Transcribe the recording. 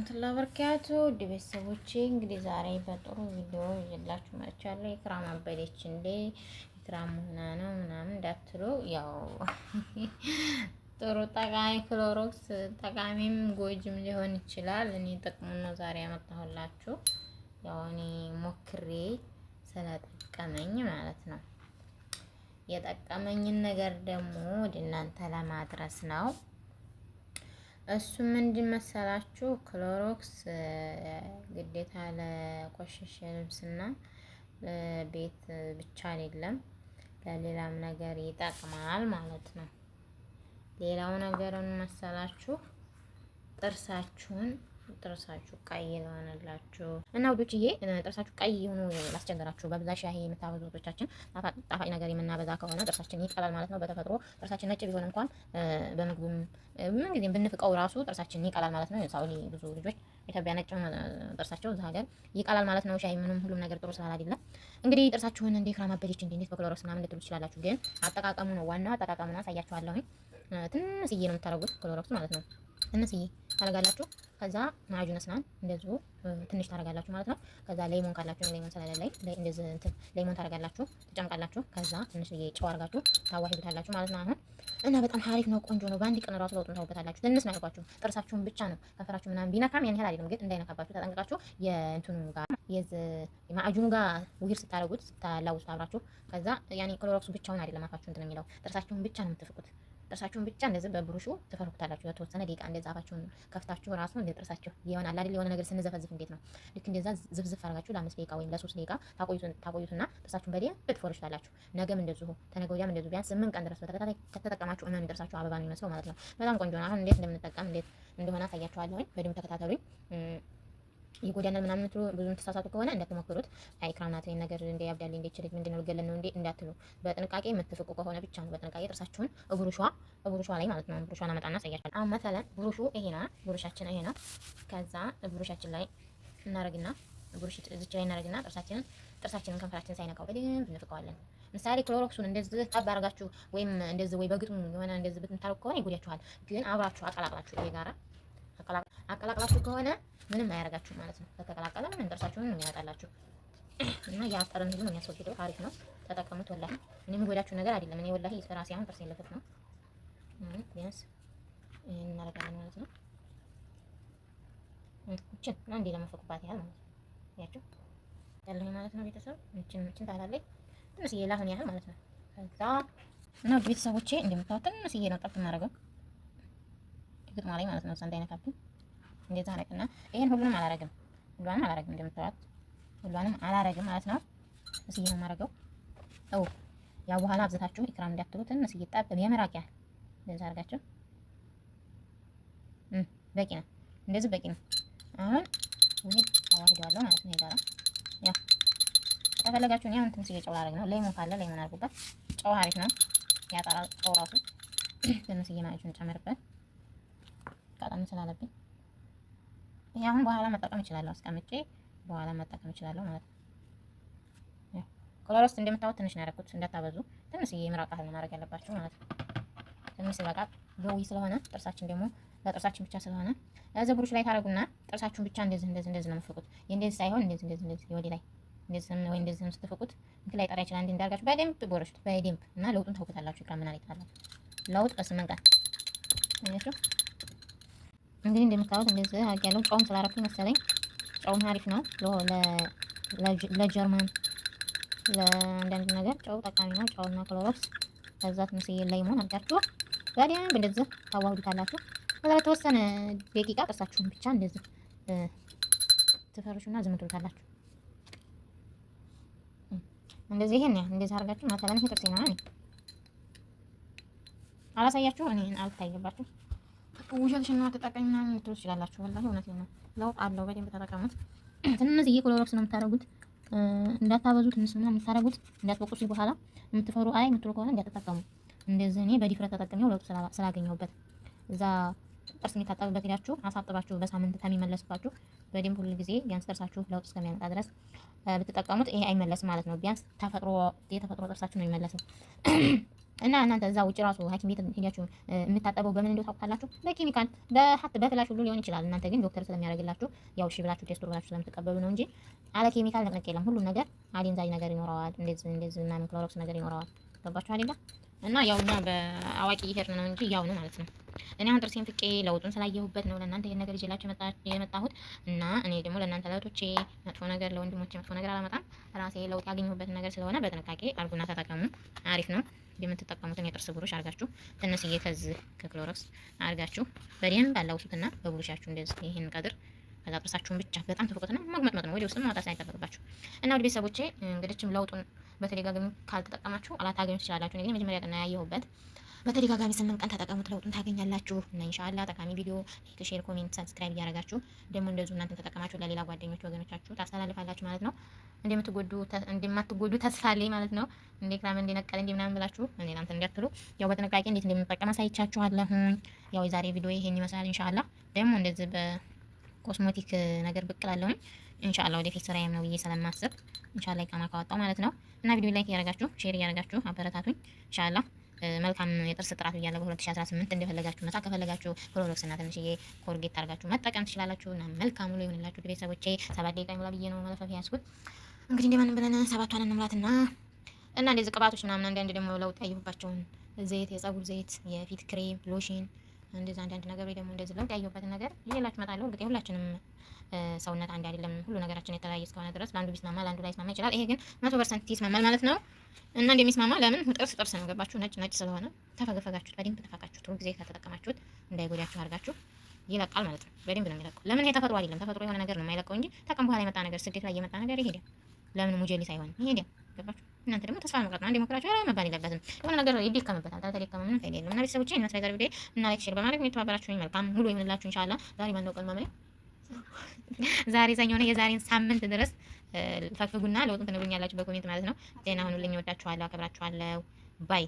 ወራህመቱላሂ ወበረካቱ ውድ ቤተሰቦቼ እንግዲህ ዛሬ በጥሩ ቪዲዮ ይዤላችሁ መጥቻለሁ። ኢክራም አበደች እንዴ ኢክራም ሆና ነው ምናምን እንዳትሉ፣ ያው ጥሩ ጠቃሚ ክሎሮክስ ጠቃሚም ጎጅም ሊሆን ይችላል። እኔ ጥቅሙ ነው ዛሬ ያመጣሁላችሁ። ያው እኔ ሞክሬ ስለጠቀመኝ ማለት ነው። የጠቀመኝን ነገር ደግሞ ወደ እናንተ ለማድረስ ነው። እሱ ምንድን መሰላችሁ ክሎሮክስ ግዴታ ለቆሸሸ ልብስና ቤት ብቻ አይደለም ለሌላም ነገር ይጠቅማል ማለት ነው። ሌላው ነገርን መሰላችሁ ጥርሳችሁን ጥርሳችሁ ቀይ ነው ያነላችሁ እና ውዶችዬ፣ ጥርሳችሁ ቀይ ሆኖ ያስቸገራችሁ በብዛት ሻይ የምታበዙ ውዶቻችን፣ ጣፋጭ ነገር የምናበዛ ከሆነ ጥርሳችን ይቀላል ማለት ነው። በተፈጥሮ ጥርሳችን ነጭ ቢሆን እንኳን በምግቡም ምን ጊዜም ብንፍቀው ራሱ ጥርሳችን ይቀላል ማለት ነው። ሳውሊ ብዙ ልጆች ኢትዮጵያ ነጭ ጥርሳቸው እዛ ሀገር ይቀላል ማለት ነው። ሻይ ምንም ሁሉም ነገር ጥሩ ስላል አይደለም። እንግዲህ ጥርሳችሁን እንዴ ክራማበዴች እንዴ እንዴት በክሎሮክስ ምናምን ልትሉ ትችላላችሁ። ግን አጠቃቀሙ ነው ዋናው። አጠቃቀሙን አሳያችኋለሁኝ። ትንሽዬ ነው የምታደርጉት ክሎሮክስ ማለት ነው። እነዚህ ታረጋላችሁ። ከዛ ማጁን ስናን እንደዚሁ ትንሽ ታረጋላችሁ ማለት ነው። ከዛ ሌሞን ካላችሁ ሌሞን ላይ እንደዚህ እንትን ሌሞን ታረጋላችሁ፣ ትጨምቃላችሁ። ከዛ ትንሽ ጨው አድርጋችሁ ታዋሂዱታላችሁ ማለት ነው። አሁን እና በጣም ሀሪፍ ነው፣ ቆንጆ ነው። በአንድ ቀን ራሱ ለውጡን ታውበታላችሁ። ትንሽ ነው ያልኳችሁ፣ ጥርሳችሁን ብቻ ነው ከፈራችሁ ምናምን ቢነካም ያን ያህል አይደለም፣ ግን እንዳይነካባችሁ ተጠንቅቃችሁ የእንትኑ ጋር የዚ ማዕጁኑ ጋር ውሂር ስታደርጉት ስታላውሱት አብራችሁ ከዛ ያኔ ክሎሮክሱ ብቻውን አይደለም አፋችሁ እንትን የሚለው ጥርሳችሁን ብቻ ነው የምትፍቁት። ጥርሳችሁን ብቻ እንደዚህ በብሩሹ ትፈርኩታላችሁ። በተወሰነ ደቂቃ እንደዛ አፋችሁን ከፍታችሁ ራሱ እንደ ጥርሳችሁ ይሆናል አይደል? የሆነ ነገር ስንዘፈዝፍ እንዴት ነው ልክ እንደዛ ዝፍዝፍ አድርጋችሁ ለአምስት ደቂቃ ወይም ለሶስት ደቂቃ ታቆዩትና ጥርሳችሁን በደንብ ትፈርሹታላችሁ። ነገም እንደዚሁ ተነገ ወዲያም እንደዚሁ ቢያንስ ስምንት ቀን ድረስ በተከታታይ ከተጠቀማችሁ እመኑ ጥርሳችሁ አበባ የሚመስለው ማለት ነው። በጣም ቆንጆ ነው። አሁን እንዴት እንደምንጠቀም እንዴት እንደሆነ አሳያችኋለሁኝ። በደንብ ተከታተሉኝ። ይጎዳናል ምናምን ምትሉ ብዙም ተሳሳቱ ከሆነ እንዳትሞክሩት። ኢክራም ናት ነገር እንደ ያብዳል እንደ ይችላል ምንድን ነው ልገለን ነው እንዴ እንዳትሉ፣ በጥንቃቄ የምትፍቁ ከሆነ ብቻ ነው። በጥንቃቄ ጥርሳችሁን ብሩሿ ብሩሿ ላይ ማለት ነው። ብሩሿን አመጣና አሳያችኋለሁ። አሁን መሰለን ብሩሹ ይሄ ነው፣ ብሩሻችን ይሄ ነው። ከዛ ብሩሻችን ላይ እናረግና ብሩሽ እዚች ላይ እናረግና ጥርሳችንን ጥርሳችንን ከንፈራችን ሳይነካው በደንብ እንፍቀዋለን። ምሳሌ ክሎሮክሱን እንደዚህ ጠብ አድርጋችሁ ወይም እንደዚህ ወይ በግጥሙ የሆነ እንደዚህ ብትንታረቁ ከሆነ ይጎዳችኋል። ግን አብራችሁ አቀላቅላችሁ ይሄ ጋራ አቀላቅላችሁ ከሆነ ምንም አያደርጋችሁ ማለት ነው። ከተቀላቀለ ምንም ጥርሳችሁን ነው የሚያወጣላችሁ እና የአጠርን ሁሉ የሚያስወግደው። አሪፍ ነው፣ ተጠቀሙት። ወላሂ እኔ የምጎዳችሁ ነገር አይደለም። እኔ ወላሂ ራሴ አሁን ጥርስ የለበት ነው ቢያንስ እናደርጋለን ማለት ነው። እችን አንዴ ለመፈቁባት ያህል ማለት ነው። ያቸው ያለኝ ማለት ነው። ቤተሰብ እችን እችን ታላለች ትንሽዬ ላሁን ያህል ማለት ነው። ከዛ እና ቤተሰቦቼ እንደምታወጥ ትንሽዬ ነው ጠብ የማደርገው ግጥማ ላይ ማለት ነው። እዛ እንዳይነካብኝ እንደዛ አረግና ይሄን ሁሉንም አላረግም፣ ሁሏንም አላረግም፣ እንደምታዋት ሁሏንም አላረግም ማለት ነው። እስዬ ነው የማረገው። ኦ ያው በኋላ አብዝታችሁ ኢክራም እንዳትሉትን እስዬ ጣብ የምራቅ ያህል እንደዛ አርጋችሁ በቂ ነው። እንደዚህ በቂ ነው። አሁን ውህድ አዋህደዋለሁ ማለት ነው። የጋራ ያው ከፈለጋችሁ እኔ አሁን ትንሽዬ ጨው ላደርግ ነው። ሌሞን ካለ ሌሞን አድርጉበት። ጨው አሪፍ ነው ያጠራል። ጨው ራሱ ትንሽዬ ማጭን ጨምርበት። መጠቀም ስላለብኝ ይሄ አሁን በኋላ መጠቀም እችላለሁ፣ አስቀምጬ በኋላ መጠቀም እችላለሁ ማለት ነው። ኮሎሮስ እንደምታዩት ትንሽ ነው ያደረኩት፣ እንዳታበዙ። ትንሽዬ ምራቅ ያህል ማድረግ ያለባችሁ ማለት ነው። ትንሽ በቃ ሎዊ ስለሆነ ጥርሳችን ደግሞ ለጥርሳችን ብቻ ስለሆነ እዚህ ብሩሽ ላይ ታደርጉና ጥርሳችሁን ብቻ እንደዚህ እንደዚህ እንደዚህ ነው የምትፍቁት። የእንደዚህ ሳይሆን እንደዚህ እንደዚህ እንደዚህ ላይ እንደዚህ ወይ እንደዚህ ነው እንትን ላይ ጠራ ይችላል። እንዴ እንዳርጋችሁ በደንብ በደንብ እና ለውጡን ታውቁታላችሁ። ይታላል ለውጥ ቀስ እንግዲህ እንደምታዩት እንደዚህ ያለው ጨውም ስላደረኩኝ መሰለኝ። ጨውም አሪፍ ነው ለጀርመን ለአንዳንድ ነገር ጨው ጠቃሚ ነው። ጨውና ክሎሮክስ በዛት ምስዬ ላይ መሆን አድርጋችሁ ታዲያ እንደዚህ ታዋህዱታላችሁ። ከዛ ለተወሰነ ደቂቃ ጥርሳችሁን ብቻ እንደዚህ ትፈርሹና ዝም ትሉታላችሁ። እንደዚህ ይሄን ያ እንደዚህ አድርጋችሁ ማታለን ጥርሴ ነው አላሳያችሁ እኔ አልታየባችሁ ውሸትሽን ነው አትጠቀኝ ምናምን ልትሉ ትችላላችሁ። ወላሂ እውነቴን ነው። ለውጥ አለው። በደንብ ተጠቀሙት። ትንሽዬ ክሎሮክስ ነው የምታደርጉት፣ እንዳታበዙት። ትንሽ ነው የምታደርጉት፣ እንዳትበቁሱ በኋላ የምትፈሩ አይ የምትሉ ከሆነ እንዳትጠቀሙ። እንደዚህ እኔ በዲፍረት ተጠቅሜው ለውጥ ስላገኘሁበት እዛ ጥርስ የሚታጠብበት ሄዳችሁ አሳጥባችሁ በሳምንት ከሚመለስባችሁ በደንብ ሁሉ ጊዜ ቢያንስ ጥርሳችሁ ለውጥ እስከሚያመጣ ድረስ ብትጠቀሙት ይሄ አይመለስም ማለት ነው። ቢያንስ ተፈጥሮ የተፈጥሮ ጥርሳችሁ ነው የሚመለሰው። እና እናንተ እዛ ውጭ ራሱ ሐኪም ቤት ሄዳችሁ የምታጠበው በምን እንደው ታውቃላችሁ? በኬሚካል በሀት በፍላሽ ሁሉ ሊሆን ይችላል። እናንተ ግን ዶክተር ስለሚያደርግላችሁ ያው እሺ ብላችሁ ቴስቱ ብላችሁ ስለምትቀበሉ ነው እንጂ አለ ኬሚካል ነቅነቅ የለም። ሁሉም ነገር አዴንዛዥ ነገር ይኖረዋል። እንደዚህ እንደዚህ ምናምን ክሎሮክስ ነገር ይኖረዋል። ገባችሁ አይደለ? እና ያው እና በአዋቂ ይሄር ነው እንጂ ያው ነው ማለት ነው። እኔ አሁን ጥርሴን ፍቄ ለውጡን ስላየሁበት ነው ለእናንተ ይህን ነገር ይዤላችሁ የመጣሁት እና እኔ ደግሞ ለእናንተ ለእህቶቼ መጥፎ ነገር ለወንድሞቼ መጥፎ ነገር አላመጣም። ራሴ ለውጥ ያገኘሁበት ነገር ስለሆነ በጥንቃቄ አርጉና ተጠቀሙ። አሪፍ ነው። የምትጠቀሙትን የጥርስ ብሩሽ አርጋችሁ ትንሽዬ ከዚህ ከክሎረክስ አርጋችሁ በደንብ አላውሱትና በብሩሻችሁ እንደዚህ ይህን ቀድር ከዛ ጥርሳችሁን ብቻ በጣም ተፈቀተ ነው መግመጥመጥ ነው ወደ ውስጥ ማውጣት ሳይጠበቅባችሁ እና ወደ ቤተሰቦቼ እንግዲችም ለውጡን በተደጋጋሚ ካልተጠቀማችሁ አላታገኙ ትችላላችሁ። ግን መጀመሪያ ቀን ያየሁበት በተደጋጋሚ ስምንት ቀን ተጠቀሙት፣ ለውጡን ታገኛላችሁ። እና ኢንሻአላ ጠቃሚ ቪዲዮ ላይክ፣ ሼር፣ ኮሜንት፣ ሰብስክራይብ እያደረጋችሁ ደግሞ እንደዚሁ እናንተ ተጠቀማችሁ ለሌላ ጓደኞች ወገኖቻችሁ ታስተላልፋላችሁ ማለት ነው። እንደምትጎዱ እንደማትጎዱ ተስፋ አለኝ ማለት ነው። እንዴ ክራም እንደ ነቀለ እንደ ምናምን ብላችሁ እኔ እናንተ እንዲያትሉ ያው በጥንቃቄ እንዴት እንደምንጠቀም አሳይቻችኋለሁ። ያው የዛሬ ቪዲዮ ይሄን ይመስላል። ኢንሻአላ ደግሞ እንደዚህ በኮስሞቲክ ነገር ብቅ እላለሁኝ ኢንሻአላ ወደፊት ስራዬም ነው ብዬ ስለማስብ ኢንሻአላህ ይቃማ ካወጣው ማለት ነው። እና ቪዲዮ ላይክ እያደረጋችሁ ሼር እያደረጋችሁ አበረታቱኝ ኢንሻአላህ። መልካም የጥርስ ጥራት ብያለሁ። በ2018 እንደፈለጋችሁ መታ ከፈለጋችሁ ፕሮዶክስ እና ትንሽዬ ኮርጌት አድርጋችሁ መጠቀም ትችላላችሁ። እና መልካም ውሎ ይሆንላችሁ ቤተሰቦቼ። ሰባት ደቂቃ ይሞላል ብዬ ነው መለፈፍ ያስኩት። እንግዲህ እንደማንም ብለን ሰባቷን እንምራትና እና እንደዚህ ቅባቶች ምናምን አንዳንድ ደግሞ ለውጥ ያየሁባቸውን ዘይት፣ የጸጉር ዘይት፣ የፊት ክሬም፣ ሎሽን እንደዛ አንዳንድ ነገር ወይ ደግሞ እንደዚህ ለውጥ ያየሁበትን ነገር ይዤላችሁ እመጣለሁ። እንግዲህ ሁላችንም ሰውነት አንድ አይደለም፣ ሁሉ ነገራችን የተለያየ እስከሆነ ድረስ ለአንዱ ቢስማማ ለአንዱ ስማማ ይችላል። ይሄ ግን መቶ ፐርሰንት ይስማማል ማለት ነው። እና እንደሚስማማ ለምን ጥርስ ጥርስ ነው፣ ገባችሁ? ነጭ ነጭ ስለሆነ ተፈገፈጋችሁት፣ በደንብ ተፋቃችሁት፣ ሁሉ ጊዜ ከተጠቀማችሁት እንዳይጎዳችሁ አድርጋችሁ ይለቃል ማለት ነው። በደንብ ነው የሚለቀው። ለምን ይሄ ተፈጥሮ አይደለም፣ ተፈጥሮ የሆነ ነገር ነው የማይለቀው እንጂ ተቀም በኋላ የመጣ ነገር ስደት ላይ የመጣ ነገር ይሄዳል። ለምን ሙጀሊስ አይሆንም? ይሄዳል ገባችሁ? እናንተ ደግሞ ተስፋ ነው መባል የለበትም። የሆነ ነገር ይደከምበታል። ምንም ፋይዳ እና ቪዲዮ እና ላይክ ሼር በማድረግ የተባበራችሁ መልካም ሁሉ ይሁንላችሁ። ዛሬ ቀን ዛሬ የዛሬን ሳምንት ድረስ ፈግፍጉና ለውጡን ትነግሩኛላችሁ በኮሜንት ማለት ነው። ጤና ሁኑልኝ። እወዳችኋለሁ፣ አከብራችኋለሁ። ባይ